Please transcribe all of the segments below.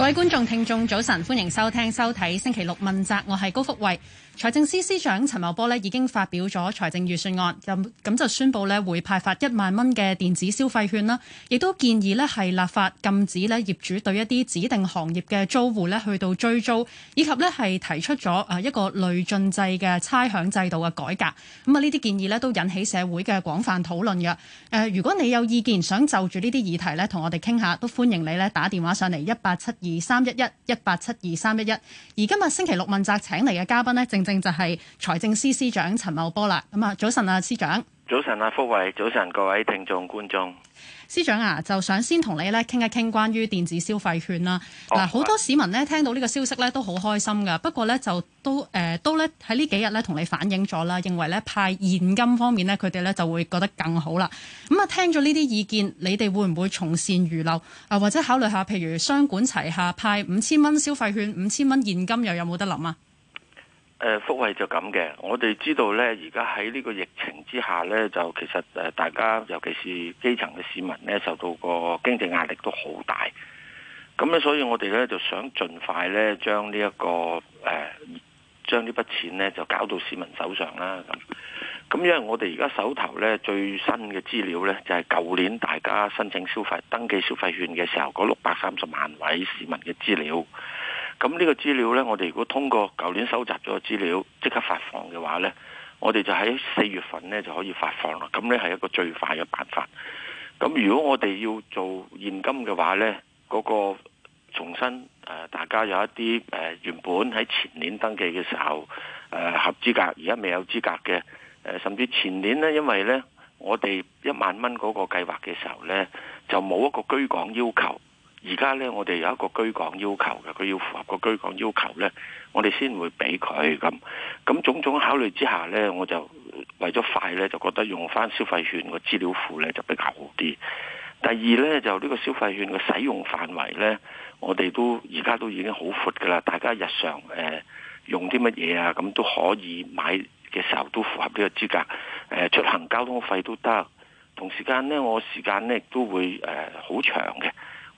各位觀眾、聽眾，早晨，歡迎收聽收睇《星期六問責》，我係高福慧。財政司司長陳茂波咧已經發表咗財政預算案，咁咁就宣布咧會派發一萬蚊嘅電子消費券啦，亦都建議咧係立法禁止咧業主對一啲指定行業嘅租戶咧去到追租，以及咧係提出咗啊一個累進制嘅差餉制度嘅改革。咁啊呢啲建議咧都引起社會嘅廣泛討論嘅。誒，如果你有意見想就住呢啲議題咧同我哋傾下，都歡迎你咧打電話上嚟一八七二。二三一一一八七二三一一，1 1, 1 1. 而今日星期六問責請嚟嘅嘉賓呢，正正就係財政司司長陳茂波啦。咁啊，早晨啊，司長。早晨啊，福慧，早晨各位聽眾觀眾。司長啊，就想先同你咧傾一傾關於電子消費券啦、啊。嗱，好多市民咧聽到呢個消息咧都好開心噶，不過呢，就都誒、呃、都咧喺呢幾日咧同你反映咗啦，認為咧派現金方面咧佢哋咧就會覺得更好啦。咁、嗯、啊，聽咗呢啲意見，你哋會唔會從善如流啊？或者考慮下，譬如雙管齊下派五千蚊消費券，五千蚊現金又有冇得諗啊？誒、呃、福利就咁嘅，我哋知道呢，而家喺呢個疫情之下呢，就其實誒大家，尤其是基層嘅市民呢，受到個經濟壓力都好大。咁咧，所以我哋呢，就想盡快呢、這個，將呢一個誒，將呢筆錢呢，就搞到市民手上啦。咁，咁因為我哋而家手頭呢，最新嘅資料呢，就係、是、舊年大家申請消費登記消費券嘅時候，嗰六百三十萬位市民嘅資料。咁呢個資料呢，我哋如果通過舊年收集咗資料，即刻發放嘅話呢，我哋就喺四月份呢就可以發放啦。咁呢係一個最快嘅辦法。咁如果我哋要做現金嘅話呢，嗰、那個重新誒、呃、大家有一啲誒、呃、原本喺前年登記嘅時候誒、呃、合資格，而家未有資格嘅、呃、甚至前年呢，因為呢我哋一萬蚊嗰個計劃嘅時候呢，就冇一個居港要求。而家咧，我哋有一個居港要求嘅，佢要符合個居港要求咧，我哋先會俾佢咁。咁種種考慮之下咧，我就為咗快咧，就覺得用翻消費券個資料庫咧就比較好啲。第二咧，就呢個消費券嘅使用範圍咧，我哋都而家都已經好闊㗎喇。大家日常誒、呃、用啲乜嘢啊，咁都可以買嘅時候都符合呢個資格。誒、呃，出行交通費都得。同時間咧，我時間咧都會誒好、呃、長嘅。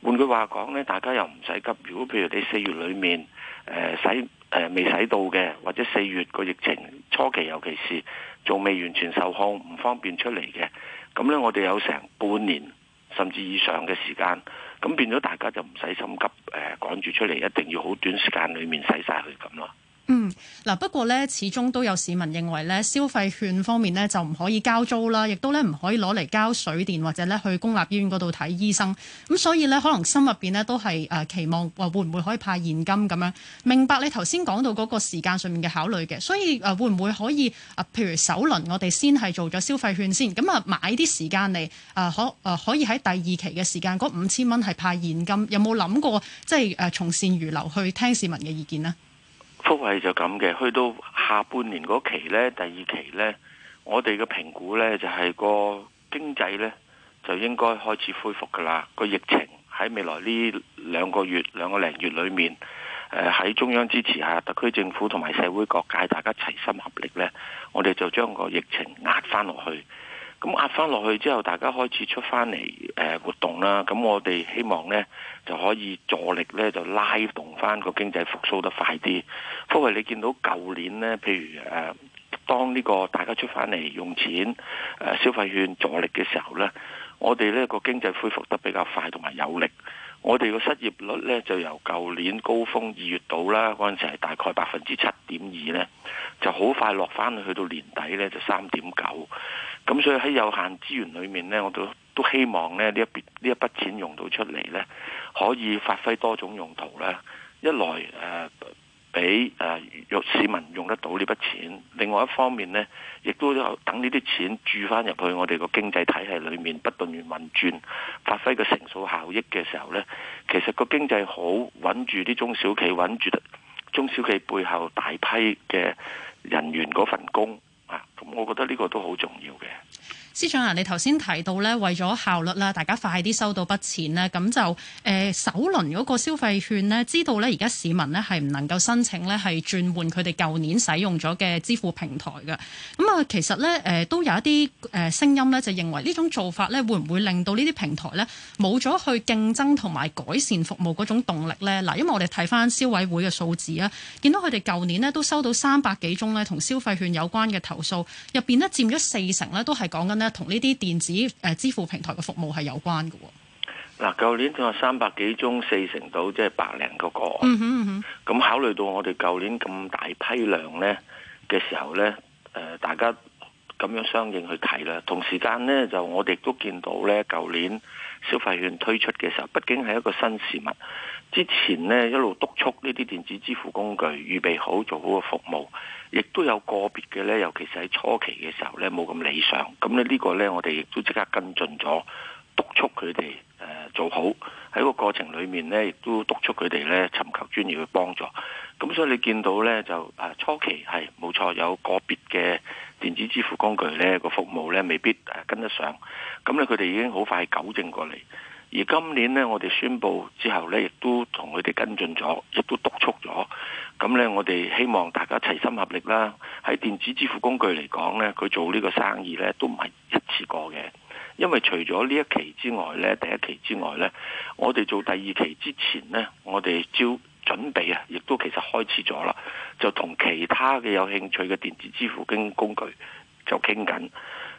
換句話講咧，大家又唔使急。如果譬如你四月裡面，誒使誒未使到嘅，或者四月個疫情初期，尤其是仲未完全受控，唔方便出嚟嘅，咁咧我哋有成半年甚至以上嘅時間，咁變咗大家就唔使心急誒、呃、趕住出嚟，一定要好短時間裡面洗晒佢咁咯。嗯，嗱，不過呢，始終都有市民認為呢，消費券方面呢，就唔可以交租啦，亦都呢唔可以攞嚟交水電或者呢去公立醫院嗰度睇醫生。咁、嗯、所以呢，可能心入邊呢，都係誒期望話會唔會可以派現金咁樣。明白你頭先講到嗰個時間上面嘅考慮嘅，所以誒、呃、會唔會可以啊？譬如首輪我哋先係做咗消費券先，咁啊買啲時間嚟誒、呃、可誒、呃、可以喺第二期嘅時間嗰五千蚊係派現金，有冇諗過即係誒、呃、從善如流去聽市民嘅意見呢？福利就咁嘅，去到下半年嗰期呢，第二期呢，我哋嘅評估呢，就係、是、個經濟呢，就應該開始恢復噶啦。個疫情喺未來呢兩個月兩個零月裏面，喺、呃、中央支持下，特區政府同埋社會各界大家齊心合力呢，我哋就將個疫情壓翻落去。咁壓翻落去之後，大家開始出翻嚟誒活動啦。咁、嗯、我哋希望呢就可以助力呢，就拉動翻個經濟復甦得快啲。不過你見到舊年呢，譬如誒、呃，當呢個大家出翻嚟用錢、呃、消費券助力嘅時候呢，我哋呢個經濟恢復得比較快同埋有力。我哋個失業率呢，就由舊年高峰二月度啦嗰陣時係大概百分之七點二呢，就好快落翻去到年底呢，就三點九。咁所以喺有限資源裏面呢，我都都希望咧呢一筆呢一筆錢用到出嚟呢，可以發揮多種用途咧。一來誒俾誒弱勢市民用得到呢筆錢，另外一方面呢，亦都等呢啲錢注翻入去我哋個經濟體係裏面不斷運轉發揮個乘數效益嘅時候呢，其實個經濟好穩住啲中小企，穩住中小企背後大批嘅人員嗰份工。咁，啊，我覺得呢個都好重要嘅。司長啊，你頭先提到呢，為咗效率啦，大家快啲收到筆錢呢，咁就誒、呃、首輪嗰個消費券呢，知道呢而家市民呢係唔能夠申請呢係轉換佢哋舊年使用咗嘅支付平台嘅。咁啊，其實呢，誒、呃、都有一啲誒聲音呢，就認為呢種做法呢會唔會令到呢啲平台呢冇咗去競爭同埋改善服務嗰種動力呢？嗱，因為我哋睇返消委會嘅數字啊，見到佢哋舊年呢都收到三百幾宗呢同消費券有關嘅投訴，入邊呢佔咗四成呢都係講緊。同呢啲電子誒支付平台嘅服務係有關嘅。嗱，舊年仲有三百幾宗，四成到，即係百零個個。嗯哼，嗯哼，咁考慮到我哋舊年咁大批量咧嘅時候咧，誒大家。咁樣相應去睇啦，同時間呢，就我哋都見到呢舊年消費券推出嘅時候，畢竟係一個新事物，之前呢，一路督促呢啲電子支付工具預備好做好個服務，亦都有個別嘅呢，尤其是喺初期嘅時候呢，冇咁理想。咁呢呢個呢，我哋亦都即刻跟進咗，督促佢哋誒做好。喺個過程裡面呢，亦都督促佢哋呢尋求專業嘅幫助。咁所以你見到呢，就誒初期係冇錯，有個別嘅。電子支付工具呢個服務呢未必跟得上，咁呢佢哋已經好快糾正過嚟。而今年呢，我哋宣布之後呢，亦都同佢哋跟進咗，亦都督促咗。咁呢，我哋希望大家齊心合力啦。喺電子支付工具嚟講呢，佢做呢個生意呢都唔係一次過嘅，因為除咗呢一期之外呢，第一期之外呢，我哋做第二期之前呢，我哋招。準備啊，亦都其實開始咗啦，就同其他嘅有興趣嘅電子支付經工具就傾緊。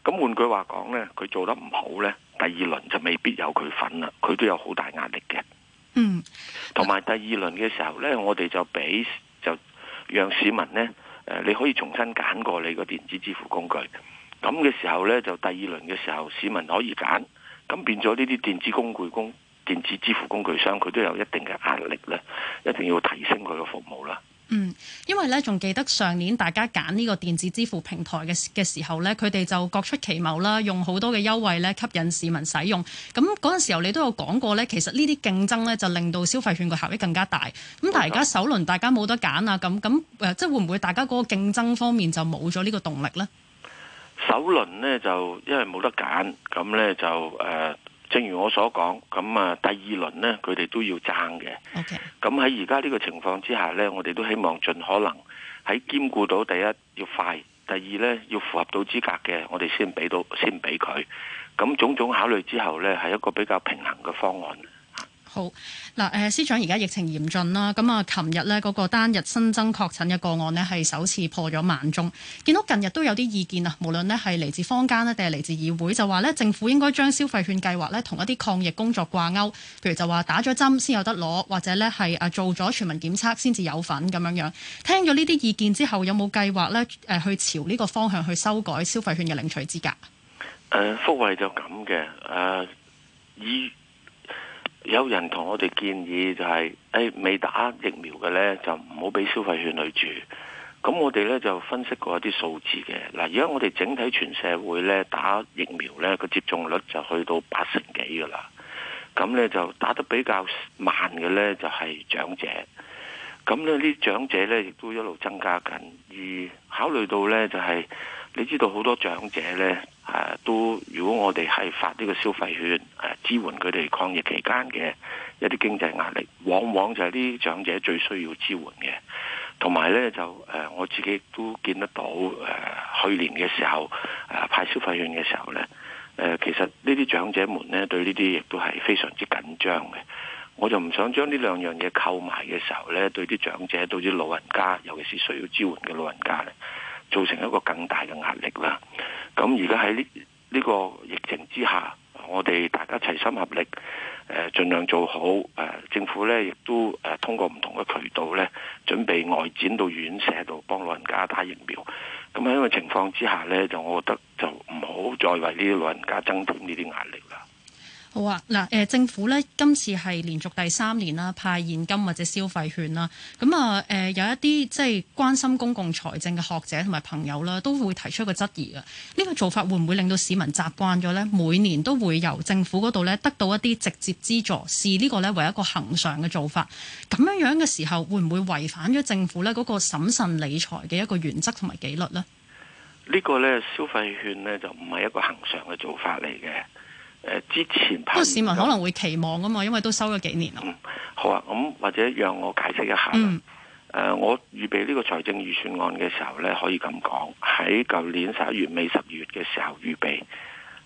咁換句話講呢，佢做得唔好呢，第二輪就未必有佢份啦。佢都有好大壓力嘅。同埋、嗯、第二輪嘅時候呢，我哋就俾就讓市民呢，誒你可以重新揀過你個電子支付工具。咁嘅時候呢，就第二輪嘅時候，市民可以揀。咁變咗呢啲電子工具工。電子支付工具商佢都有一定嘅壓力咧，一定要提升佢嘅服務啦。嗯，因為咧仲記得上年大家揀呢個電子支付平台嘅嘅時候咧，佢哋就各出奇謀啦，用好多嘅優惠咧吸引市民使用。咁嗰陣時候你都有講過咧，其實呢啲競爭咧就令到消費券個效益更加大。咁吧但係而家首輪大家冇得揀啊，咁咁誒，即係會唔會大家嗰個競爭方面就冇咗呢個動力呢？首輪呢就因為冇得揀，咁咧就誒。呃正如我所講，咁啊第二輪呢，佢哋都要爭嘅。咁喺而家呢個情況之下呢，我哋都希望盡可能喺兼顧到第一要快，第二呢要符合到資格嘅，我哋先俾到先俾佢。咁種種考慮之後呢，係一個比較平衡嘅方案。好嗱，誒、呃、司長，而家疫情嚴峻啦，咁、嗯、啊，琴日呢嗰個單日新增確診嘅個案呢，係首次破咗萬宗，見到近日都有啲意見啊，無論呢係嚟自坊間呢定係嚟自議會，就話呢政府應該將消費券計劃呢同一啲抗疫工作掛鈎，譬如就話打咗針先有得攞，或者呢係啊做咗全民檢測先至有份咁樣樣。聽咗呢啲意見之後，有冇計劃呢誒去朝呢個方向去修改消費券嘅領取資格？誒、呃，福利就咁嘅誒，以有人同我哋建議就係、是，誒、哎、未打疫苗嘅呢，就唔好俾消費券去住。咁我哋呢，就分析過一啲數字嘅。嗱，而家我哋整體全社會呢，打疫苗呢個接種率就去到八成幾噶啦。咁呢，就打得比較慢嘅呢，就係、是、長者。咁呢啲長者呢，亦都一路增加緊。而考慮到呢，就係、是。你知道好多長者呢，誒、啊、都如果我哋係發呢個消費券，誒、啊、支援佢哋抗疫期間嘅一啲經濟壓力，往往就係啲長者最需要支援嘅。同埋呢，就誒、啊，我自己都見得到誒、啊，去年嘅時候誒、啊、派消費券嘅時候呢，誒、啊、其實呢啲長者們呢，對呢啲亦都係非常之緊張嘅。我就唔想將呢兩樣嘢溝埋嘅時候呢，對啲長者，對啲老人家，尤其是需要支援嘅老人家咧造成一個更大嘅壓力啦。咁而家喺呢個疫情之下，我哋大家齊心合力，呃、盡量做好。誒、呃，政府呢亦都誒通過唔同嘅渠道呢，準備外展到院舍度幫老人家打疫苗。咁喺呢個情況之下呢，就我覺得就唔好再為呢啲老人家增添呢啲壓力。好啊，嗱，誒，政府咧今次係連續第三年啦，派現金或者消費券啦，咁、嗯、啊，誒、呃呃，有一啲即係關心公共財政嘅學者同埋朋友啦，都會提出一個質疑嘅，呢、這個做法會唔會令到市民習慣咗呢？每年都會由政府嗰度呢得到一啲直接資助，視呢個呢為一個恒常嘅做法。咁樣樣嘅時候，會唔會違反咗政府呢嗰個審慎理財嘅一個原則同埋紀律呢？呢個呢，消費券呢就唔係一個恒常嘅做法嚟嘅。之前，市民可能會期望啊嘛，因為都收咗幾年啦、嗯、好啊，咁或者讓我解釋一下、嗯呃、我預備呢個財政預算案嘅時候呢，可以咁講，喺舊年十一月尾、十二月嘅時候預備，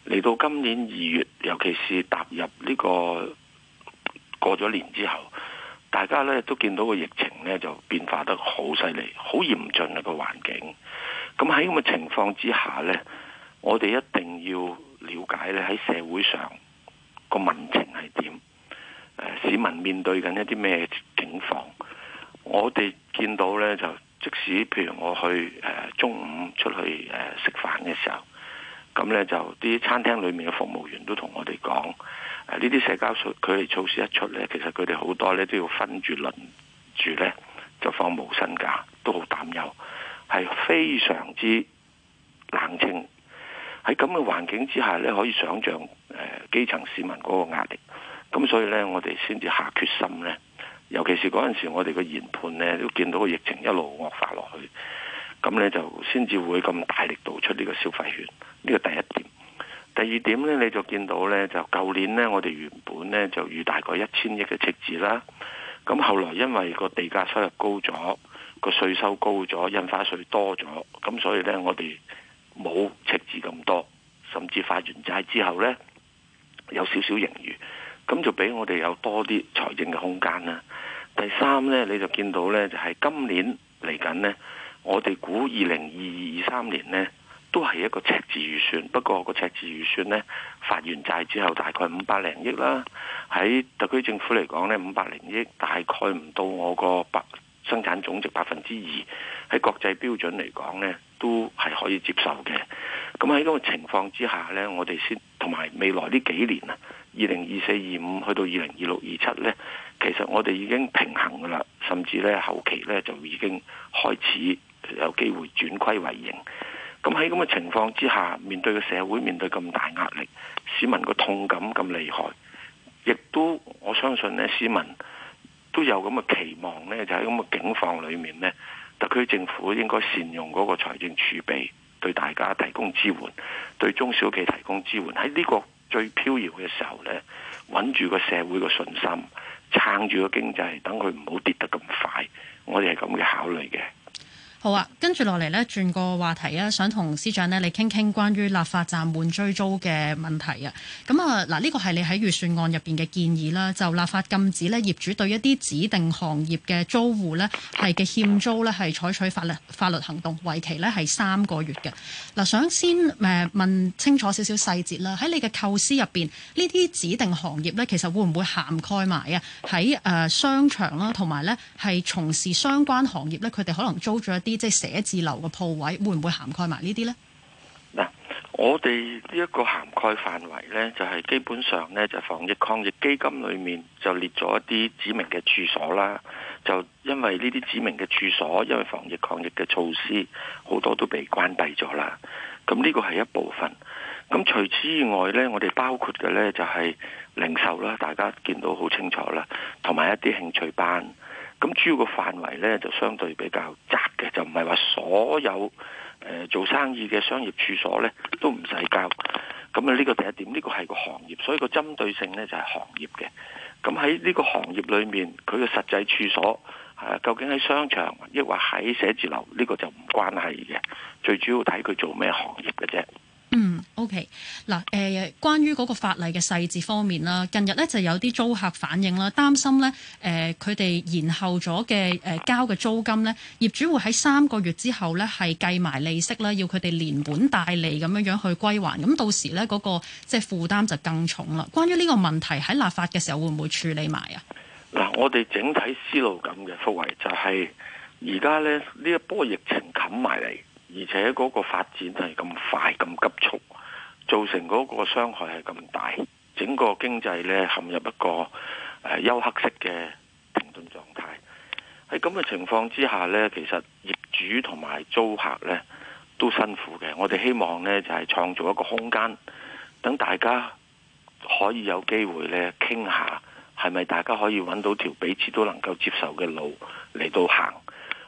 嚟到今年二月，尤其是踏入呢個過咗年之後，大家呢都見到個疫情呢就變化得好犀利，好嚴峻嘅個環境。咁喺咁嘅情況之下呢，我哋一定要了解咧喺社會上個民情係點？市民面對緊一啲咩境況？我哋見到呢，就，即使譬如我去誒、呃、中午出去誒食飯嘅時候，咁呢，就啲餐廳裏面嘅服務員都同我哋講，呢、呃、啲社交佢哋措施一出咧，其實佢哋好多呢都要分住輪住呢，就放無薪假，都好擔憂，係非常之冷清。喺咁嘅環境之下咧，可以想像誒、呃、基層市民嗰個壓力。咁所以咧，我哋先至下決心咧。尤其是嗰陣時，我哋個研判咧都見到個疫情一路惡化落去。咁咧就先至會咁大力度出呢個消費券。呢個第一點。第二點咧，你就見到咧，就舊年咧，我哋原本咧就預大概一千億嘅赤字啦。咁後來因為個地價收入高咗，個稅收高咗，印花稅多咗，咁所以咧，我哋。冇赤字咁多，甚至發完債之後呢，有少少盈餘，咁就俾我哋有多啲財政嘅空間啦。第三呢，你就見到呢，就係今年嚟緊呢，我哋估二零二二二三年呢，都係一個赤字預算，不過個赤字預算呢，發完債之後大概五百零億啦，喺特區政府嚟講呢，五百零億大概唔到我個百。生產總值百分之二，喺國際標準嚟講呢，都係可以接受嘅。咁喺咁嘅情況之下呢，我哋先同埋未來呢幾年啊，二零二四、二五去到二零二六、二七呢，其實我哋已經平衡㗎喇，甚至呢，後期呢就已經開始有機會轉虧為盈。咁喺咁嘅情況之下，面對個社會面對咁大壓力，市民個痛感咁厲害，亦都我相信呢市民。都有咁嘅期望咧，就喺咁嘅境況裏面咧，特區政府應該善用嗰個財政儲備，對大家提供支援，對中小企提供支援。喺呢個最飄搖嘅時候咧，穩住個社會嘅信心，撐住個經濟，等佢唔好跌得咁快。我哋係咁嘅考慮嘅。好啊，跟住落嚟呢轉個話題啊，想同司長呢，你傾傾關於立法暫緩追租嘅問題啊。咁啊，嗱，呢個係你喺預算案入邊嘅建議啦。就立法禁止呢，業主對一啲指定行業嘅租戶呢，係嘅欠租呢，係採取法律法律行動，為期呢係三個月嘅。嗱、啊，想先誒、呃、問清楚少少細節啦。喺你嘅構思入邊，呢啲指定行業呢，其實會唔會涵蓋埋、呃、啊？喺誒商場啦，同埋呢係從事相關行業呢，佢哋可能租咗。啲即係寫字樓嘅鋪位，會唔會涵蓋埋呢啲呢？嗱，我哋呢一個涵蓋範圍呢，就係基本上呢，就防疫抗疫基金裏面就列咗一啲指明嘅處所啦。就因為呢啲指明嘅處所，因為防疫抗疫嘅措施好多都被關閉咗啦。咁呢個係一部分。咁除此之外呢，我哋包括嘅呢，就係零售啦，大家見到好清楚啦，同埋一啲興趣班。咁主要個範圍咧就相對比較窄嘅，就唔係話所有誒、呃、做生意嘅商業處所咧都唔使交。咁啊呢個第一點，呢、這個係個行業，所以個針對性咧就係、是、行業嘅。咁喺呢個行業裏面，佢嘅實際處所係、啊、究竟喺商場抑或喺寫字樓，呢、這個就唔關係嘅。最主要睇佢做咩行業嘅啫。嗯，OK 嗱，誒、呃，關於嗰個法例嘅細節方面啦，近日咧就有啲租客反映啦，擔心咧誒，佢、呃、哋延後咗嘅誒交嘅租金咧，業主會喺三個月之後咧係計埋利息啦，要佢哋連本帶利咁樣樣去歸還，咁到時咧嗰、那個即係負擔就更重啦。關於呢個問題喺立法嘅時候會唔會處理埋啊？嗱，我哋整體思路咁嘅，富維就係而家咧呢一波疫情冚埋嚟。而且嗰個發展係咁快，咁急促，造成嗰個傷害係咁大，整個經濟咧陷入一個誒、呃、休克式嘅停頓狀態。喺咁嘅情況之下咧，其實業主同埋租客咧都辛苦嘅。我哋希望咧就係、是、創造一個空間，等大家可以有機會咧傾下，係咪大家可以揾到條彼此都能夠接受嘅路嚟到行。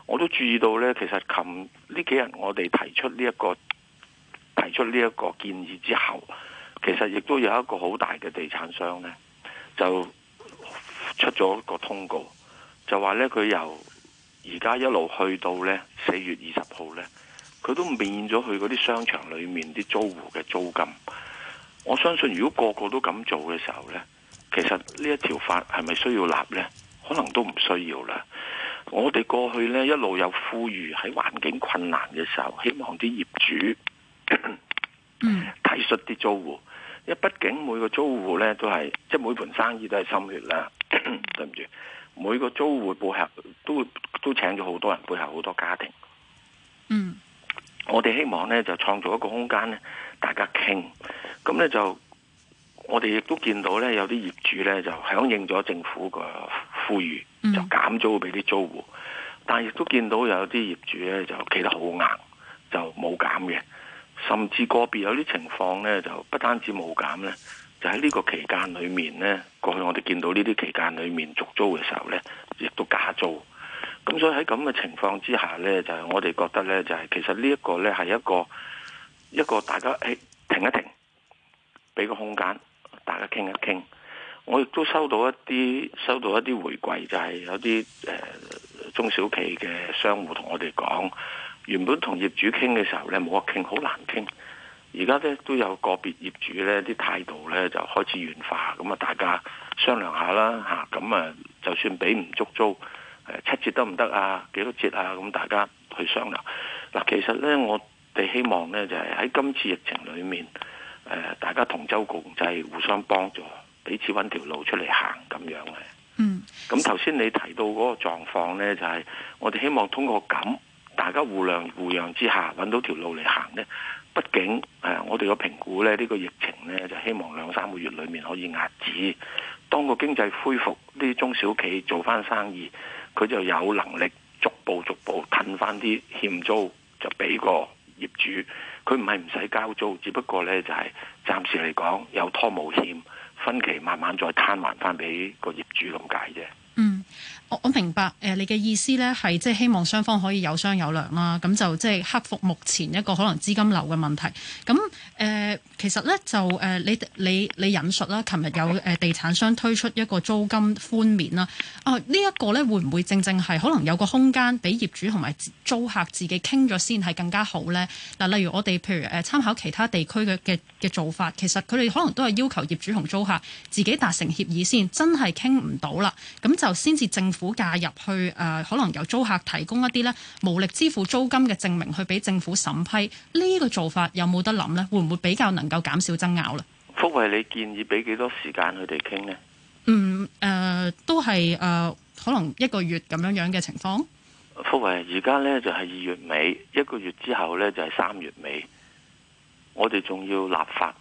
我都注意到呢，其實近呢幾日我哋提出呢、這、一個提出呢一個建議之後，其實亦都有一個好大嘅地產商呢就出咗一個通告，就話呢，佢由而家一路去到呢四月二十號呢，佢都免咗去嗰啲商場裏面啲租戶嘅租金。我相信如果個個都咁做嘅時候呢，其實呢一條法係咪需要立呢？可能都唔需要啦。我哋過去咧，一路有呼籲喺環境困難嘅時候，希望啲業主，嗯，體恤啲租戶，因為畢竟每個租戶咧都係，即係每盤生意都係心血啦。 對唔住，每個租戶背後都都請咗好多人，背後好多家庭。嗯， 我哋希望呢就創造一個空間咧，大家傾。咁呢，就，我哋亦都見到呢，有啲業主呢就響應咗政府個呼籲。Mm. 就減租俾啲租戶，但係亦都見到有啲業主咧就企得好硬，就冇減嘅，甚至個別有啲情況咧就不單止冇減咧，就喺呢個期間裏面咧，過去我哋見到呢啲期間裏面續租嘅時候咧，亦都加租。咁所以喺咁嘅情況之下咧，就係我哋覺得咧，就係其實呢一個咧係一個一個大家誒停一停，俾個空間大家傾一傾。我亦都收到一啲收到一啲回饋，就係、是、有啲誒、呃、中小企嘅商戶同我哋講，原本同業主傾嘅時候咧，冇得傾，好難傾。而家咧都有個別業主咧啲態度咧就開始軟化，咁啊大家商量下啦嚇，咁啊就算俾唔足租誒、呃、七折得唔得啊？幾多折啊？咁大家去商量。嗱、啊，其實咧我哋希望咧就係、是、喺今次疫情裏面誒、呃，大家同舟共濟，互相幫助。彼此揾條路出嚟行咁樣嘅，嗯，咁頭先你提到嗰個狀況呢，就係我哋希望通過咁大家互諒互讓之下，揾到條路嚟行呢。畢竟誒，我哋嘅評估呢，呢個疫情呢，就希望兩三個月裏面可以壓止，當個經濟恢復，啲中小企做翻生意，佢就有能力逐步逐步褪翻啲欠租，就俾個業主，佢唔係唔使交租，只不過呢，就係暫時嚟講有拖冇欠。分期慢慢再攤還翻俾個業主咁解啫。嗯。我明白誒、呃，你嘅意思咧係即係希望雙方可以有商有量啦，咁就即係克服目前一個可能資金流嘅問題。咁誒、呃，其實咧就誒、呃，你你你引述啦，琴日有誒地產商推出一個租金寬免啦。啊，這個、呢一個咧會唔會正正係可能有個空間俾業主同埋租客自己傾咗先係更加好咧？嗱，例如我哋譬如誒參考其他地區嘅嘅嘅做法，其實佢哋可能都係要求業主同租客自己達成協議先，真係傾唔到啦，咁就先至政府。府介入去誒、呃，可能由租客提供一啲咧無力支付租金嘅證明，去俾政府審批呢、呢個做法有冇得諗呢？會唔會比較能夠減少爭拗咧？福慧，你建議俾幾多時間佢哋傾呢？嗯誒、呃，都係誒、呃，可能一個月咁樣樣嘅情況。福慧，而家呢就係、是、二月尾，一個月之後呢就係、是、三月尾，我哋仲要立法。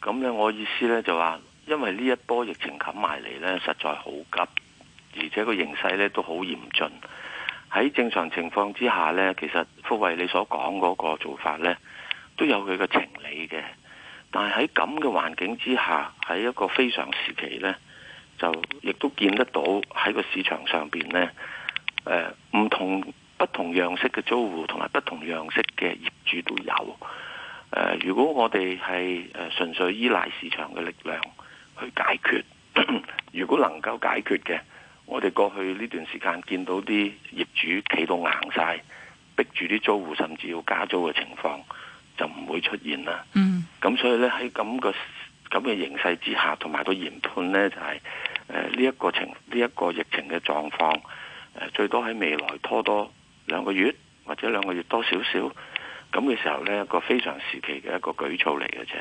咁咧，我意思呢就話，因為呢一波疫情冚埋嚟呢，實在好急。而且個形勢咧都好嚴峻，喺正常情況之下呢，其實福慧你所講嗰個做法呢都有佢嘅情理嘅。但係喺咁嘅環境之下，喺一個非常時期呢，就亦都見得到喺個市場上邊呢，誒、呃、唔同不同樣式嘅租戶同埋不同樣式嘅業主都有。呃、如果我哋係誒純粹依賴市場嘅力量去解決， 如果能夠解決嘅，我哋過去呢段時間見到啲業主企到硬晒，逼住啲租戶甚至要加租嘅情況，就唔會出現啦。嗯，咁所以呢，喺咁個咁嘅形勢之下，同埋個研判呢，就係誒呢一個情呢一個疫情嘅狀況，誒最多喺未來拖多兩個月或者兩個月多少少咁嘅時候呢一個非常時期嘅一個舉措嚟嘅啫。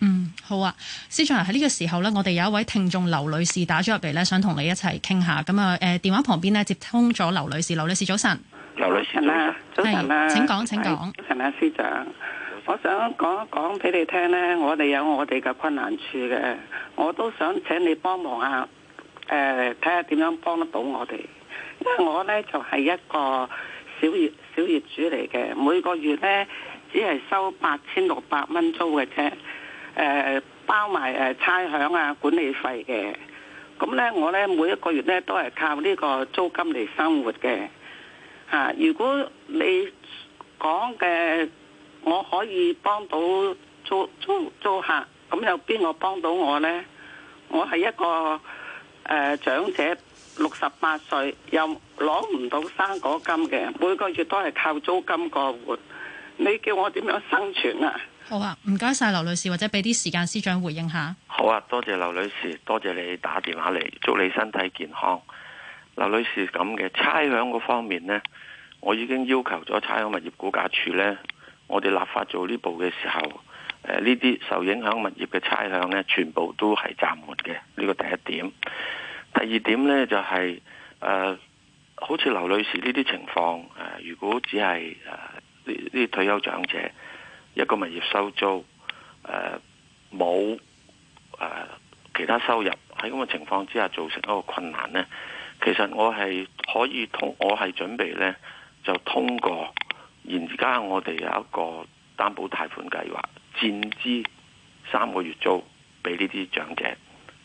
嗯，好啊，司長喺呢個時候呢，我哋有一位聽眾劉女士打咗入嚟呢，想同你一齊傾下。咁啊，誒，電話旁邊呢，接通咗劉女士，劉女士早晨，劉女士早晨啊，係，請講，請講，早晨啊，司長，我想講一講俾你聽呢，我哋有我哋嘅困難處嘅，我都想請你幫忙啊。誒，睇下點樣幫得到我哋，因為我呢，就係一個小業小業主嚟嘅，每個月呢，只係收八千六百蚊租嘅啫。誒包埋誒差餉啊管理費嘅。咁呢，我呢，每一個月呢，都係靠呢個租金嚟生活嘅。嚇、啊，如果你講嘅我可以幫到租租租客，咁有邊個幫到我呢？我係一個誒、呃、長者，六十八歲又攞唔到生果金嘅，每個月都係靠租金過活。你叫我點樣生存啊？好啊，唔該晒劉女士，或者俾啲時間司長回應下。好啊，多謝劉女士，多謝你打電話嚟，祝你身體健康。劉女士，咁嘅差餉個方面呢，我已經要求咗差餉物業估價處呢，我哋立法做呢步嘅時候，誒呢啲受影響物業嘅差餉呢，全部都係暫緩嘅，呢個第一點。第二點呢，就係、是、誒、呃，好似劉女士呢啲情況誒、呃，如果只係誒呢啲退休長者。一個物業收租，冇、呃呃、其他收入，喺咁嘅情況之下造成一個困難呢。其實我係可以通，我係準備呢，就通過而家我哋有一個擔保貸款計劃，墊資三個月租俾呢啲長者，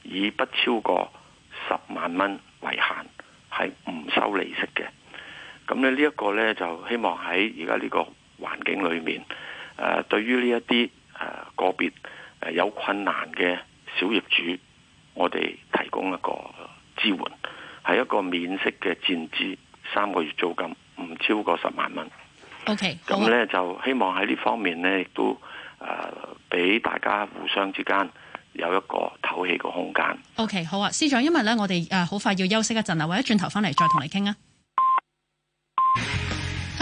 以不超過十萬蚊為限，係唔收利息嘅。咁咧呢一個呢，就希望喺而家呢個環境裏面。誒、呃，對於呢一啲誒個別誒、呃、有困難嘅小業主，我哋提供一個、呃、支援，係一個免息嘅墊資，三個月租金唔超過十萬蚊。OK，咁咧、啊、就希望喺呢方面咧亦都誒俾、呃、大家互相之間有一個唞氣嘅空間。OK，好啊，司長，因為咧我哋誒好快要休息一陣啊，或者轉頭翻嚟再同你傾啊。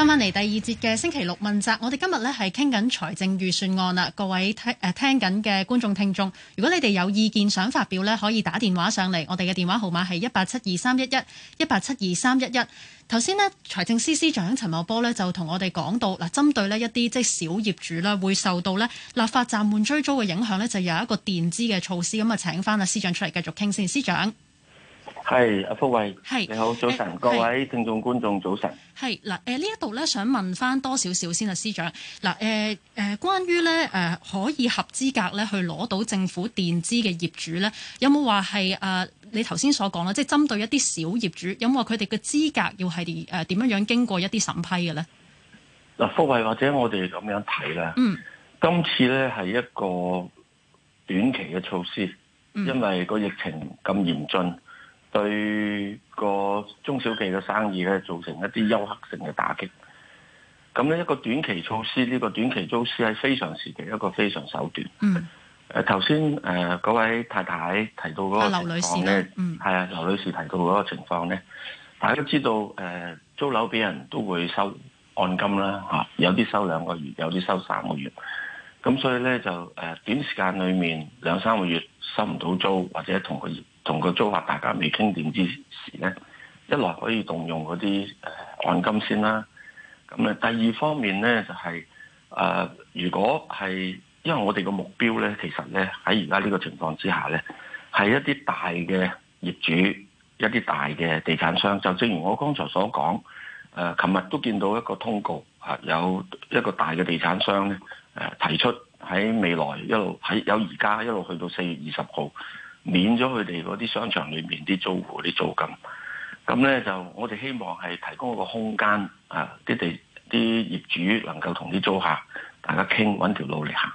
翻翻嚟第二節嘅星期六問責，我哋今日咧係傾緊財政預算案啦。各位聽誒、呃、聽緊嘅觀眾聽眾，如果你哋有意見想發表咧，可以打電話上嚟，我哋嘅電話號碼係一八七二三一一一八七二三一一。頭先呢，財政司司長陳茂波咧就同我哋講到嗱，針對咧一啲即係小業主咧會受到咧立法暫緩追租嘅影響咧，就有一個墊資嘅措施。咁啊，請翻阿司長出嚟繼續傾先，司長。係阿福偉，係，你好，早晨，呃、各位聽眾觀眾，早晨。係嗱，誒呢一度咧，想問翻多少少先啊，司長。嗱、呃，誒、呃、誒，關於咧，誒、呃、可以合資格咧，去攞到政府墊資嘅業主咧，有冇話係誒你頭先所講啦，即係針對一啲小業主，有冇話佢哋嘅資格要係點誒點樣樣經過一啲審批嘅咧？嗱、呃，福偉或者我哋咁樣睇啦。嗯。今次咧係一個短期嘅措施，嗯、因為個疫情咁嚴峻。對個中小企嘅生意咧，造成一啲休克性嘅打擊。咁呢一個短期措施，呢、這個短期措施係非常時期一個非常手段。嗯。誒、啊，頭先誒，嗰、呃、位太太提到嗰個情況咧，係啊，劉女、嗯啊、劉女士提到嗰個情況咧，大家都知道誒、呃，租樓俾人都會收按金啦，吓，有啲收兩個月，有啲收三個月。咁所以咧就誒，短時間裏面兩三個月收唔到租，或者同佢，同個租客大家未傾掂之時咧，一來可以動用嗰啲誒按金先啦。咁咧，第二方面咧就係、是、誒、呃，如果係因為我哋個目標咧，其實咧喺而家呢在在個情況之下咧，係一啲大嘅業主、一啲大嘅地產商。就正如我剛才所講，誒、呃，琴日都見到一個通告，啊、呃，有一個大嘅地產商咧，誒、呃，提出喺未來一路喺有而家一路去到四月二十號。免咗佢哋嗰啲商場裏面啲租戶啲租金，咁咧就我哋希望係提供一個空間啊，啲、呃、地啲業主能夠同啲租客大家傾揾條路嚟行。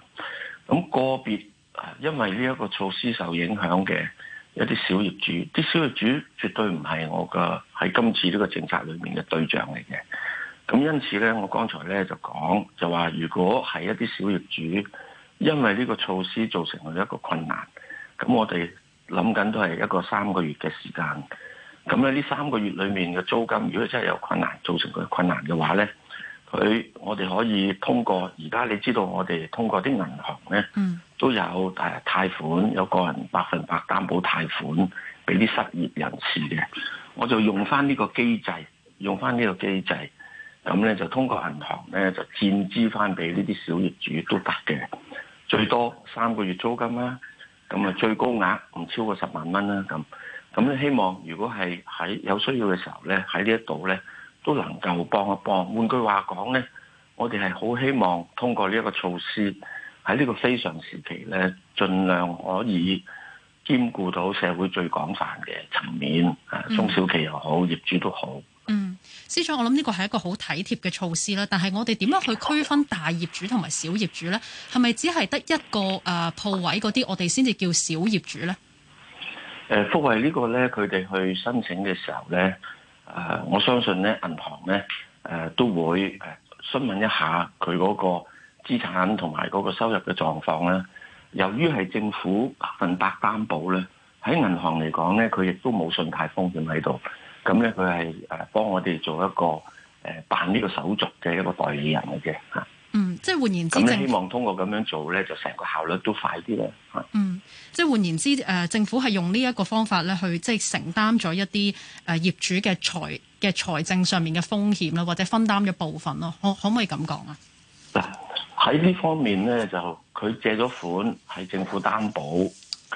咁、個別、呃、因為呢一個措施受影響嘅一啲小業主，啲小業主絕對唔係我嘅喺今次呢個政策裏面嘅對象嚟嘅。咁因此咧，我剛才咧就講，就話如果係一啲小業主因為呢個措施造成咗一個困難。咁我哋諗緊都係一個三個月嘅時間，咁咧呢三個月裏面嘅租金，如果真係有困難造成佢困難嘅話咧，佢我哋可以通過而家你知道我哋通過啲銀行咧，都有誒貸款，有個人百分百擔保貸款俾啲失業人士嘅，我就用翻呢個機制，用翻呢個機制，咁咧就通過銀行咧就佔資翻俾呢啲小業主都得嘅，最多三個月租金啦，啊。咁啊，最高額唔超過十萬蚊啦，咁咁希望如果係喺有需要嘅時候咧，喺呢一度咧，都能夠幫一幫。換句話講咧，我哋係好希望通過呢一個措施，喺呢個非常時期咧，盡量可以兼顧到社會最廣泛嘅層面，啊，中小企又好，業主都好。嗯，司長，我諗呢個係一個好體貼嘅措施啦。但係我哋點樣去區分大業主同埋小業主呢？係咪只係得一個誒鋪、呃、位嗰啲，我哋先至叫小業主呢？誒、呃，福衛呢個呢，佢哋去申請嘅時候呢，誒、呃，我相信咧，銀行咧，誒、呃，都會誒詢問一下佢嗰個資產同埋嗰個收入嘅狀況啦。由於係政府百分百擔保呢，喺銀行嚟講呢，佢亦都冇信貸風險喺度。咁咧，佢係誒幫我哋做一個誒辦呢個手續嘅一個代理人嚟嘅嚇。嗯，即係換言之，咁咧希望通過咁樣做咧，就成個效率都快啲咯。嗯，即係換言之，誒政府係用呢一個方法咧，去即係承擔咗一啲誒業主嘅財嘅財政上面嘅風險咯，或者分擔咗部分咯。可，可唔可以咁講啊？嗱，喺呢方面咧，就佢借咗款，係政府擔保，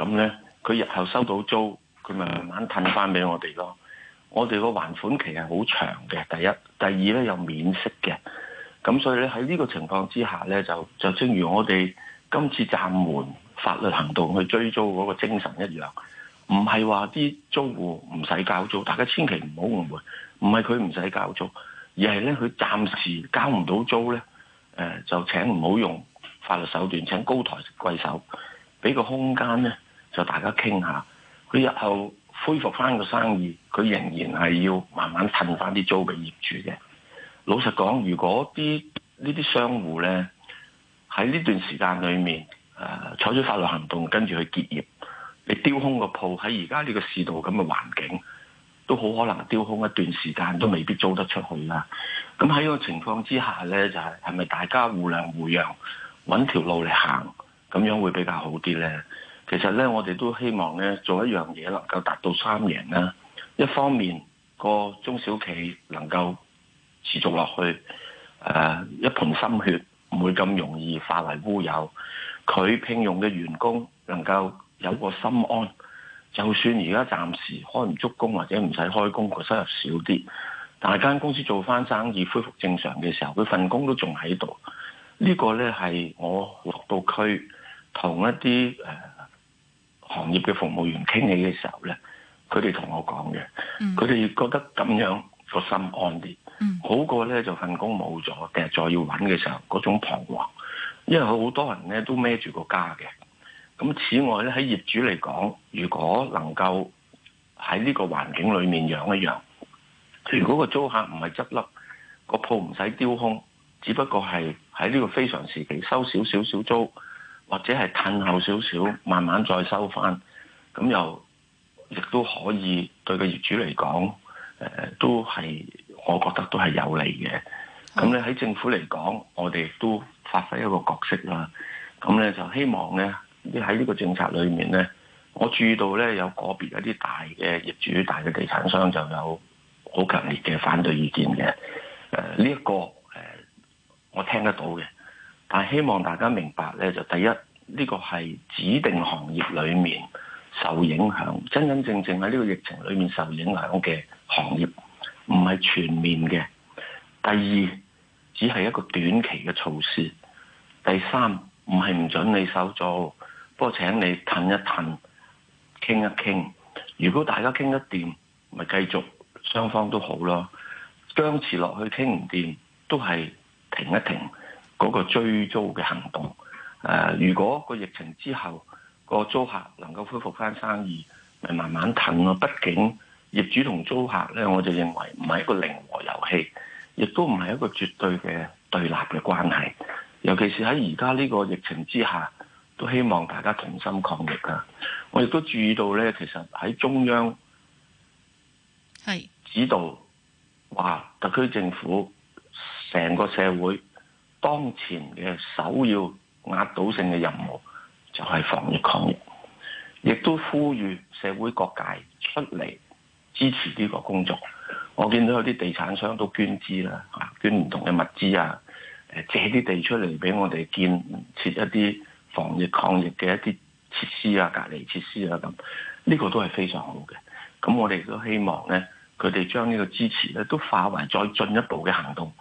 咁咧佢日後收到租，佢咪慢慢褪翻俾我哋咯。.我哋個還款期係好長嘅，第一，第二咧又免息嘅，咁所以咧喺呢個情況之下咧，就就正如我哋今次暫緩法律行動去追租嗰個精神一樣，唔係話啲租戶唔使交租，大家千祈唔好誤會，唔係佢唔使交租，而係咧佢暫時交唔到租咧，誒、呃、就請唔好用法律手段，請高抬貴手俾個空間咧，就大家傾下，佢日後，恢復翻個生意，佢仍然係要慢慢褪翻啲租俾業主嘅。老實講，如果啲呢啲商戶呢喺呢段時間裏面，誒、呃、採取法律行動，跟住去結業，你丟空個鋪喺而家呢個市道咁嘅環境，都好可能丟空一段時間，都未必租得出去啦。咁喺個情況之下呢，就係係咪大家互諒互讓，揾條路嚟行，咁樣會比較好啲呢？其實咧，我哋都希望咧做一樣嘢能夠達到三贏啦。一方面個中小企能夠持續落去，誒、呃、一盤心血唔會咁容易化為烏有。佢聘用嘅員工能夠有個心安，就算而家暫時開唔足工或者唔使開工，個收入少啲，但係間公司做翻生意恢復正常嘅時候，佢份工都仲喺度。這個、呢個咧係我落到區同一啲誒。呃行業嘅服務員傾起嘅時候咧，佢哋同我講嘅，佢哋、mm. 覺得咁樣個心安啲，mm. 好過咧就份工冇咗，定係再要搵嘅時候嗰種彷徨，因為好多人咧都孭住個家嘅。咁此外咧，喺業主嚟講，如果能夠喺呢個環境裡面養一養，如果個租客唔係執笠，個鋪唔使丟空，只不過係喺呢個非常時期收少少少租。或者係褪後少少，慢慢再收翻，咁又亦都可以對個業主嚟講，誒、呃、都係我覺得都係有利嘅。咁咧喺政府嚟講，我哋都發揮一個角色啦。咁咧就希望咧喺呢個政策裏面咧，我注意到咧有個別一啲大嘅業主、大嘅地產商就有好強烈嘅反對意見嘅。誒，呢一個誒、呃，我聽得到嘅。但希望大家明白咧，就第一，呢個係指定行業裏面受影響，真真正正喺呢個疫情裏面受影響嘅行業，唔係全面嘅。第二，只係一個短期嘅措施。第三，唔係唔准你收租，不過請你褪一褪，傾一傾。如果大家傾得掂，咪繼續，雙方都好咯。僵持落去傾唔掂，都係停一停。嗰個追租嘅行動，誒、呃，如果個疫情之後，個租客能夠恢復翻生意，咪慢慢騰咯。畢竟業主同租客咧，我就認為唔係一個零和遊戲，亦都唔係一個絕對嘅對立嘅關係。尤其是喺而家呢個疫情之下，都希望大家同心抗疫啊！我亦都注意到咧，其實喺中央係指導話是特區政府成個社會。當前嘅首要壓倒性嘅任務就係防疫抗疫，亦都呼籲社會各界出嚟支持呢個工作。我見到有啲地產商都捐資啦，捐唔同嘅物資啊，借啲地出嚟俾我哋建設一啲防疫抗疫嘅一啲設施啊、隔離設施啊，咁呢個都係非常好嘅。咁我哋都希望咧，佢哋將呢個支持咧都化為再進一步嘅行動。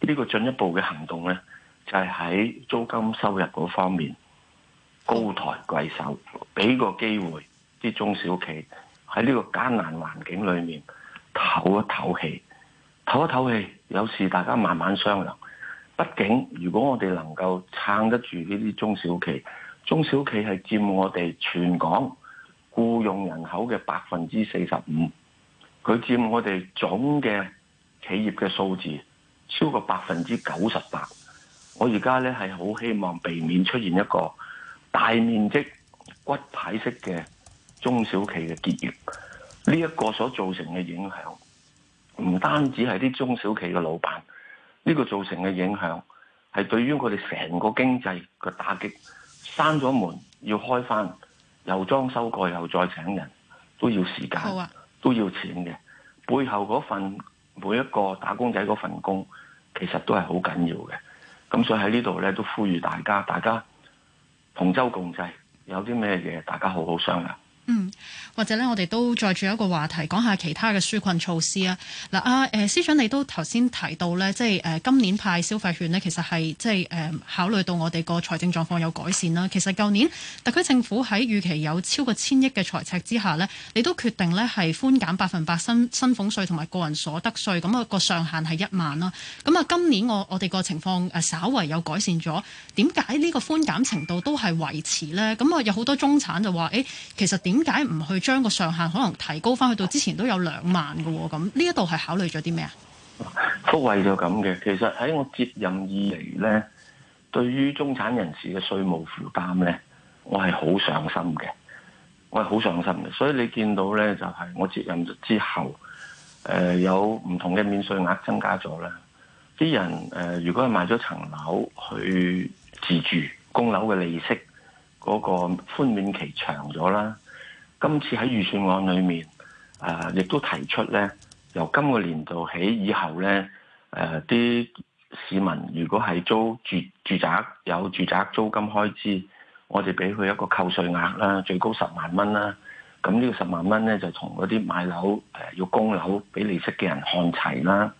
呢個進一步嘅行動呢，就係喺租金收入嗰方面高抬貴手，俾個機會啲中小企喺呢個艱難環境裡面唞一唞氣，唞一唞氣，有事大家慢慢商量。畢竟，如果我哋能夠撐得住呢啲中小企，中小企係佔我哋全港僱用人口嘅百分之四十五，佢佔我哋總嘅企業嘅數字超過百分之九十八，我而家咧係好希望避免出現一個大面積骨牌式嘅中小企嘅結業，呢、這、一個所造成嘅影響，唔單止係啲中小企嘅老闆，呢、這個造成嘅影響係對於佢哋成個經濟嘅打擊。閂咗門要開返，又裝修過又再請人，都要時間，啊、都要錢嘅。背後嗰份每一個打工仔嗰份工。其實都係好緊要嘅，咁所以喺呢度咧都呼籲大家，大家同舟共濟，有啲咩嘢大家好好商量。嗯，或者呢，我哋都再轉一個話題，講下其他嘅紓困措施啊。嗱啊，誒司長你都頭先提到呢，即係誒、呃、今年派消費券呢，其實係即係誒、呃、考慮到我哋個財政狀況有改善啦。其實舊年特區政府喺預期有超過千億嘅財赤之下呢，你都決定呢係寬減百分百薪薪俸稅同埋個人所得稅，咁啊個上限係一萬啦。咁啊今年我我哋個情況稍為有改善咗，點解呢個寬減程度都係維持呢？咁啊有好多中產就話誒，其實點解唔去將個上限可能提高翻去到之前都有兩萬嘅？咁呢一度係考慮咗啲咩啊？復位就咁嘅。其實喺我接任以嚟呢，對於中產人士嘅稅務負擔呢，我係好上心嘅。我係好上心嘅。所以你見到呢，就係、是、我接任咗之後，誒、呃、有唔同嘅免稅額增加咗啦。啲人誒、呃，如果係買咗層樓去自住，供樓嘅利息嗰、那個寬免期長咗啦。今次喺預算案裏面，誒、呃、亦都提出咧，由今個年、年度起以後咧，誒、呃、啲市民如果係租住住宅有住宅租金開支，我哋俾佢一個扣稅額啦，最高十萬蚊啦。咁、嗯、呢、呢個十萬蚊咧，就同嗰啲買樓誒、呃、要供樓俾利息嘅人看齊啦。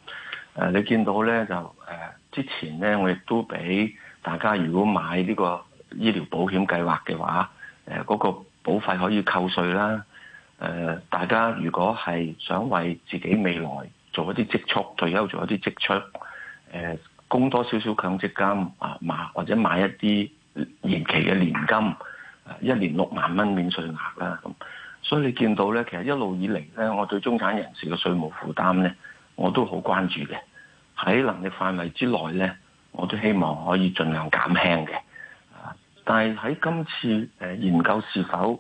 誒、呃，你見到咧就誒、呃、之前咧，我亦都俾大家，如果買呢個醫療保險計劃嘅話，誒、呃、嗰、呃嗰個。保費可以扣稅啦，誒、呃，大家如果係想為自己未來做一啲積蓄、退休做一啲積蓄，誒、呃，供多少少強積金啊，買或者買一啲延期嘅年金，啊，一年六萬蚊免稅額啦，咁，所以你見到咧，其實一路以嚟咧，我對中產人士嘅稅務負擔咧，我都好關注嘅，喺能力範圍之內咧，我都希望可以盡量減輕嘅。但係喺今次誒研究是否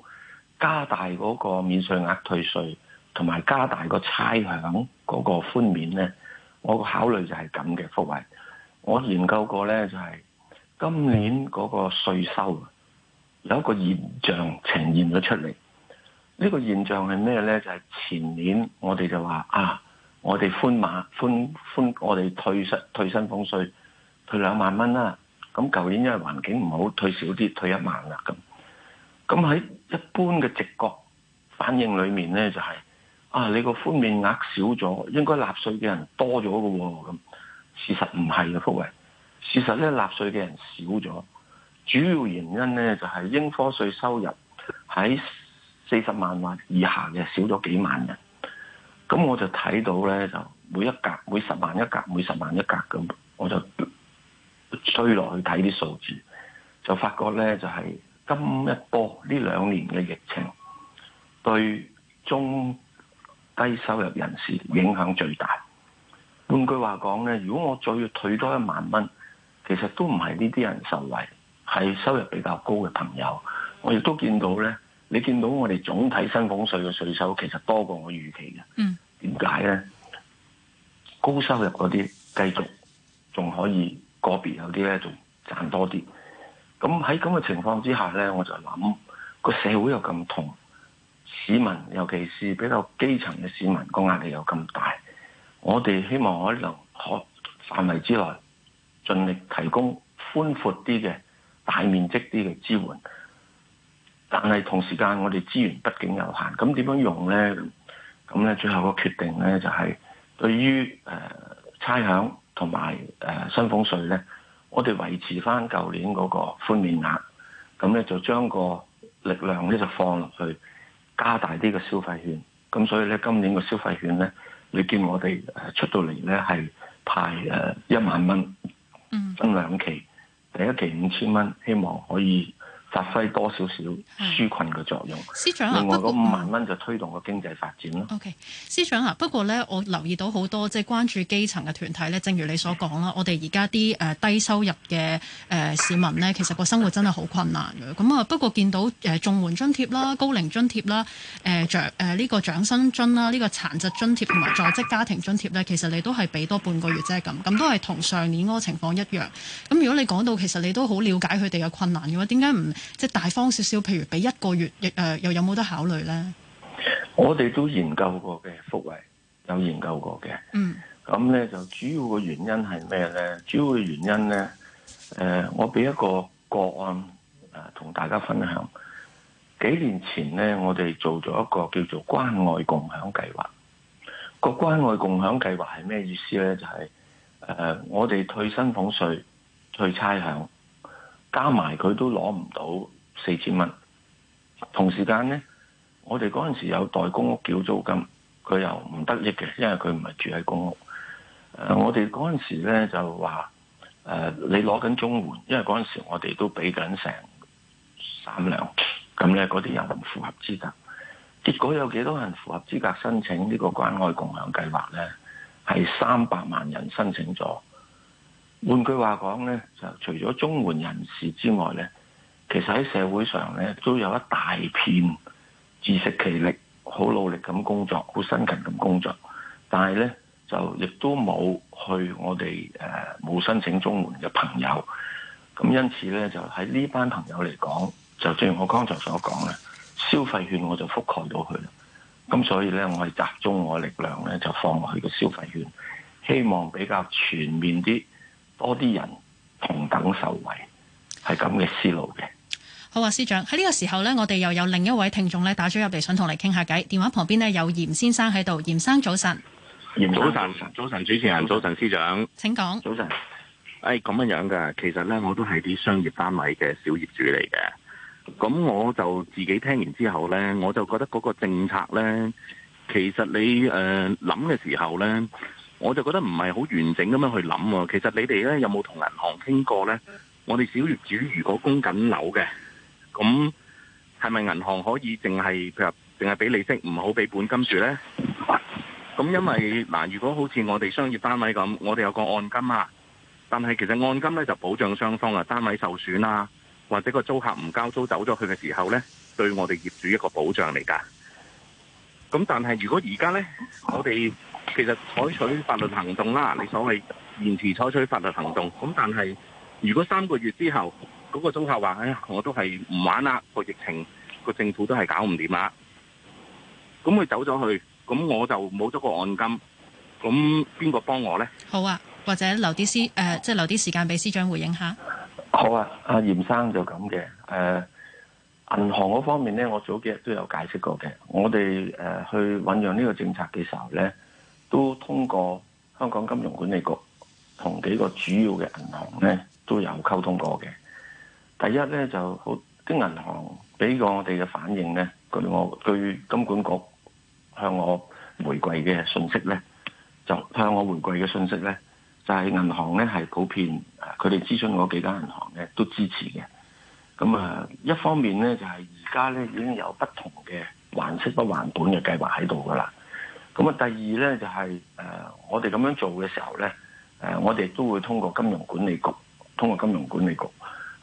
加大嗰個免稅額退稅，同埋加大個差餉嗰個寬免呢，我個考慮就係咁嘅。因為我研究過呢，就係、是、今年嗰個稅收有一個現象呈現咗出嚟。呢、這個現象係咩呢？就係、是、前年我哋就話啊，我哋寬碼寬寬，我哋退薪退薪俸稅，退兩萬蚊啦。咁舊年因為環境唔好，退少啲，退一萬啦咁。咁喺一般嘅直覺反應裏面咧，就係啊，你個寬免額少咗，應該納稅嘅人多咗嘅喎咁。事實唔係嘅，福偉。事實咧，納稅嘅人少咗，主要原因咧就係應課稅收入喺四十萬或以下嘅少咗幾萬人。咁我就睇到咧，就每一格每十萬一格，每十萬一格咁，我就，推落去睇啲數字，就發覺咧就係、是，今一波呢兩年嘅疫情，對中低收入人士影響最大。換句話講咧，如果我再要退多一萬蚊，其實都唔係呢啲人受惠，係收入比較高嘅朋友。我亦都見到咧，你見到我哋總體薪俸稅嘅稅收其實多過我預期嘅。嗯，點解咧？高收入嗰啲繼續仲可以。個別有啲咧，仲賺多啲。咁喺咁嘅情況之下咧，我就諗個社會又咁痛，市民尤其是比較基層嘅市民個壓力又咁大，我哋希望可以能力範圍之內盡力提供寬闊啲嘅大面積啲嘅支援。但係同時間，我哋資源畢竟有限，咁點樣用咧？咁咧，最後個決定咧就係對於誒、呃、差餉。同埋誒薪俸稅咧，我哋維持翻舊年嗰個寬免額，咁咧就將個力量咧就放落去加大啲嘅消費券，咁所以咧今年嘅消費券咧，你見我哋出到嚟咧係派誒一萬蚊，分兩期，第一期五千蚊，希望可以發揮多少少紓困嘅作用。司長啊，不過五萬蚊就推動個經濟發展咯。OK，司長啊，不過咧，我留意到好多即係關注基層嘅團體咧，正如你所講啦，我哋而家啲誒低收入嘅誒市民咧，其實個生活真係好困難嘅。咁啊，不過見到誒綜援津貼啦、高齡津貼啦、誒長誒呢個長生津啦、呢個殘疾津貼同埋在職家庭津貼咧，其實你都係俾多半個月啫咁，咁都係同上年嗰個情況一樣。咁如果你講到其實你都好了解佢哋嘅困難嘅話，點解唔，即係大方少少，譬如俾一個月，亦、呃、誒又有冇得考慮咧？我哋都研究過嘅，福慧有研究過嘅。嗯。咁咧就主要嘅原因係咩咧？主要嘅原因咧，誒、呃，我俾一個個案啊，同大家分享。幾年前咧，我哋做咗一個叫做關愛共享計劃。個關愛共享計劃係咩意思咧？就係、是、誒、呃，我哋退薪俸稅，退差餉。加埋佢都攞唔到四千蚊，同時間呢，我哋嗰陣時有代公屋繳租金，佢又唔得益嘅，因為佢唔係住喺公屋。呃，我哋嗰陣時呢就話呃，你攞緊綜援，因為嗰陣時我哋都俾緊成三兩，咁呢，嗰啲人唔符合資格。結果有幾多人符合資格申請呢個關愛共享計劃呢？係三百萬人申請咗。換句話講咧，就除咗綜援人士之外咧，其實喺社會上咧都有一大片自食其力、好努力咁工作、好辛勤咁工作，但係咧就亦都冇去我哋誒冇申請綜援嘅朋友，咁因此咧就喺呢班朋友嚟講，就正如我剛才所講咧，消費券我就覆蓋到佢啦。咁所以咧，我係集中我力量咧，就放落去個消費券，希望比較全面啲。多啲人同等受惠，係咁嘅思路嘅。好啊，司長喺呢個時候呢，我哋又有另一位聽眾呢打咗入嚟，想同你傾下偈。電話旁邊呢，有嚴先生喺度，嚴生早晨。嚴，早晨，早晨，早晨主持人，早晨司長。請講。早晨，誒咁樣樣㗎，其實呢，我都係啲商業單位嘅小業主嚟嘅。咁我就自己聽完之後呢，我就覺得嗰個政策呢，其實你誒諗嘅時候呢。我就覺得唔係好完整咁樣去諗喎、哦，其實你哋咧有冇同銀行傾過呢？我哋小業主如果供緊樓嘅，咁係咪銀行可以淨係譬如淨係俾利息，唔好俾本金住呢？咁、嗯、因為嗱、呃，如果好似我哋商業單位咁，我哋有個按金啊，但係其實按金呢就保障雙方啊，單位受損啊，或者個租客唔交租走咗去嘅時候呢，對我哋業主一個保障嚟㗎。咁但係如果而家呢，我哋其實採取法律行動啦，你所謂延遲採取法律行動。咁但係如果三個月之後嗰、那個租客話：哎，我都係唔玩啦，個疫情個政府都係搞唔掂啦。咁佢走咗去，咁我就冇咗個按金。咁邊個幫我呢？好啊，或者留啲司誒，即、呃、係、就是、留啲時間俾司長回應下。好啊，阿、啊、嚴生就咁嘅誒。呃銀行嗰方面咧，我早幾日都有解釋過嘅。我哋誒去醖釀呢個政策嘅時候咧，都通過香港金融管理局同幾個主要嘅銀行咧都有溝通過嘅。第一咧就好，啲銀行俾過我哋嘅反應咧，據我、據金管局向我回饋嘅信息咧，就向我回饋嘅信息咧，就係、是、銀行咧係普遍佢哋諮詢嗰幾間銀行咧都支持嘅。咁啊，一方面咧就係而家咧已經有不同嘅還息不還本嘅計劃喺度噶啦。咁啊，第二咧就係、是、誒、呃、我哋咁樣做嘅時候咧，誒、呃、我哋都會通過金融管理局，通過金融管理局誒、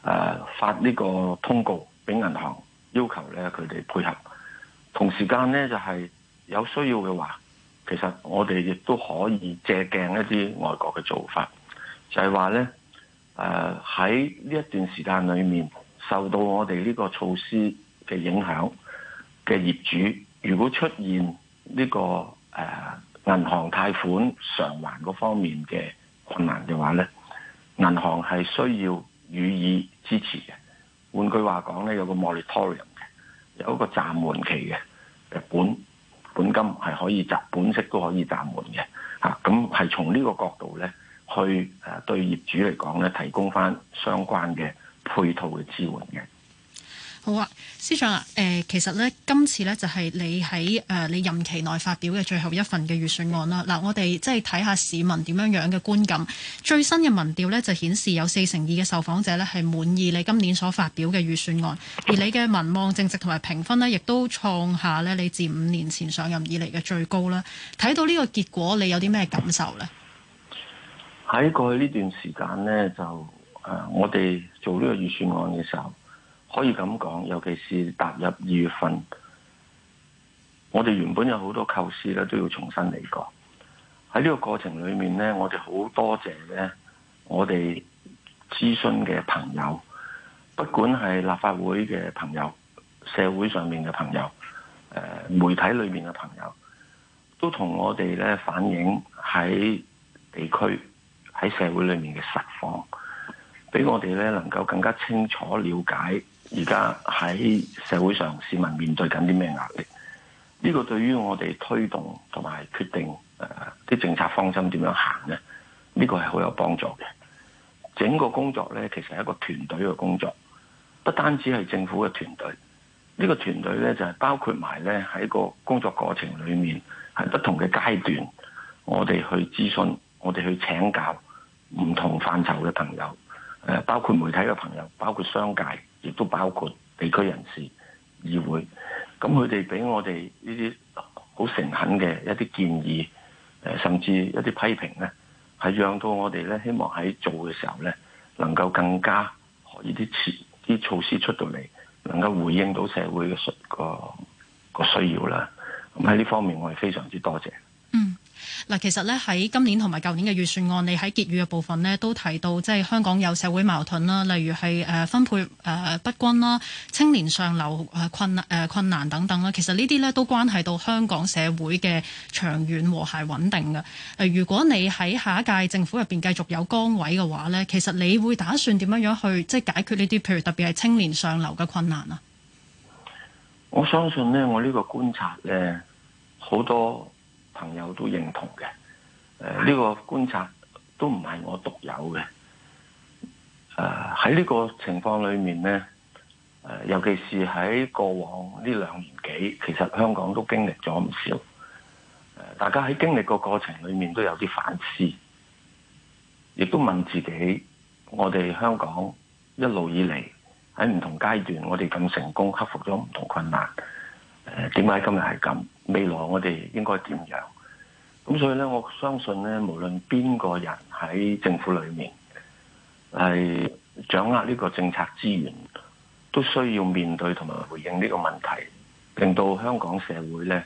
呃、發呢個通告俾銀行，要求咧佢哋配合。同時間咧就係、是、有需要嘅話，其實我哋亦都可以借鏡一啲外國嘅做法，就係話咧誒喺呢、呃、一段時間裏面。受到我哋呢個措施嘅影響嘅業主，如果出現呢、這個誒、呃、銀行貸款償還嗰方面嘅困難嘅話咧，銀行係需要予以支持嘅。換句話講咧，有個 moratorium 有一個暫緩期嘅，本本金係可以暫本息都可以暫緩嘅。嚇、啊，咁係從呢個角度咧，去誒、呃、對業主嚟講咧，提供翻相關嘅。配套嘅支援嘅，好啊，司長啊，誒、呃，其實咧，今次咧就係你喺誒、呃、你任期內發表嘅最後一份嘅預算案啦。嗱，我哋即係睇下市民點樣樣嘅觀感。最新嘅民調咧就顯示有四成二嘅受訪者咧係滿意你今年所發表嘅預算案，而你嘅民望、政績同埋評分咧亦都創下咧你自五年前上任以嚟嘅最高啦。睇到呢個結果，你有啲咩感受咧？喺過去呢段時間咧就。我哋做呢個預算案嘅時候，可以咁講，尤其是踏入二月份，我哋原本有好多構思咧，都要重新嚟過。喺呢個過程裏面呢，我哋好多謝呢，我哋諮詢嘅朋友，不管係立法會嘅朋友、社會上面嘅朋友、媒體裏面嘅朋友，都同我哋咧反映喺地區、喺社會裏面嘅實況。俾我哋咧，能夠更加清楚了解而家喺社會上市民面對緊啲咩壓力，呢個對於我哋推動同埋決定誒啲政策方針點樣行呢，呢個係好有幫助嘅。整個工作呢，其實係一個團隊嘅工作，不單止係政府嘅團隊。呢個團隊呢，就係包括埋呢喺個工作過程裡面喺不同嘅階段，我哋去諮詢，我哋去請教唔同範疇嘅朋友。誒包括媒體嘅朋友，包括商界，亦都包括地區人士議會，咁佢哋俾我哋呢啲好誠懇嘅一啲建議，誒甚至一啲批評咧，係讓到我哋咧希望喺做嘅時候咧，能夠更加可以啲措啲措施出到嚟，能夠回應到社會嘅需個需要啦。咁喺呢方面，我係非常之多謝。嗱，其實咧喺今年同埋舊年嘅預算案，你喺結語嘅部分咧都提到，即係香港有社會矛盾啦，例如係誒分配誒不均啦、青年上流困誒困難等等啦。其實呢啲咧都關係到香港社會嘅長遠和諧穩定嘅。誒，如果你喺下一屆政府入邊繼續有崗位嘅話呢，其實你會打算點樣樣去即係解決呢啲，譬如特別係青年上流嘅困難啊？我相信呢，我呢個觀察呢好多。朋友都認同嘅，呢、呃呢個觀察都唔係我獨有嘅。喺、呃、呢個情況裏面呢、呃，尤其是喺過往呢兩年幾，其實香港都經歷咗唔少、呃。大家喺經歷個過程裏面都有啲反思，亦都問自己：我哋香港一路以嚟喺唔同階段，我哋咁成功克服咗唔同困難。點解今日係咁？未來我哋應該點樣？咁所以咧，我相信咧，無論邊個人喺政府裏面係、啊、掌握呢個政策資源，都需要面對同埋回應呢個問題，令到香港社會咧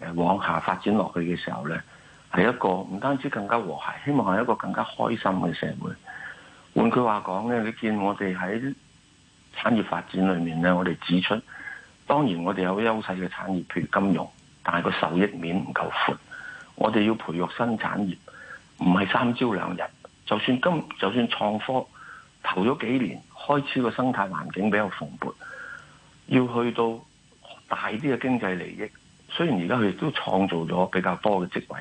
誒往下發展落去嘅時候咧，係一個唔單止更加和諧，希望係一個更加開心嘅社會。換句話講咧，你見我哋喺產業發展裏面咧，我哋指出。當然我哋有優勢嘅產業，譬如金融，但係個受益面唔夠闊。我哋要培育新產業，唔係三朝兩日。就算今，就算創科投咗幾年，開始個生態環境比較蓬勃，要去到大啲嘅經濟利益。雖然而家佢亦都創造咗比較多嘅職位，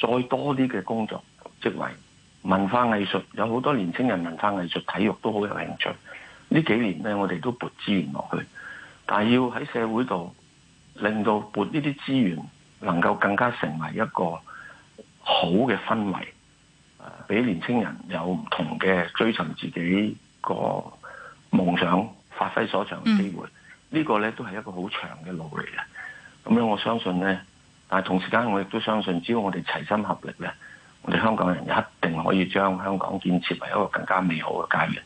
再多啲嘅工作職位，文化藝術有好多年輕人文化藝術體育都好有興趣。呢幾年咧，我哋都撥資源落去。但係要喺社會度令到撥呢啲資源能夠更加成為一個好嘅氛圍，俾年青人有唔同嘅追尋自己個夢想、發揮所長嘅機會。嗯，呢個呢都係一個好長嘅路嚟嘅。咁，嗯，咧，我相信呢，但係同時間我亦都相信，只要我哋齊心合力呢，我哋香港人一定可以將香港建設為一個更加美好嘅家園。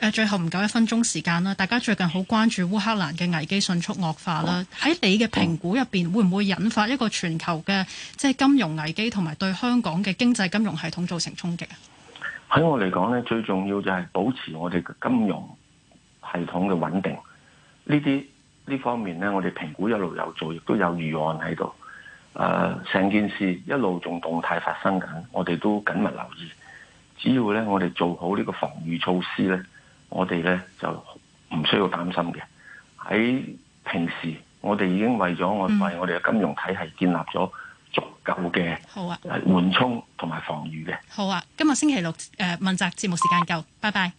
誒，最後唔夠一分鐘時間啦！大家最近好關注烏克蘭嘅危機迅速惡化啦。喺、嗯、你嘅評估入邊，嗯、會唔會引發一個全球嘅即係金融危機，同埋對香港嘅經濟金融系統造成衝擊啊？喺我嚟講咧，最重要就係保持我哋金融系統嘅穩定。呢啲呢方面咧，我哋評估一路有做，亦都有預案喺度。誒、呃，成件事一路仲動態發生緊，我哋都緊密留意。只要呢，我哋做好呢個防禦措施呢。我哋咧就唔需要擔心嘅。喺平時，我哋已經為咗我為我哋嘅金融體系建立咗足夠嘅好啊，緩衝同埋防禦嘅。好啊，今日星期六誒、呃、問責節目時間夠，拜拜。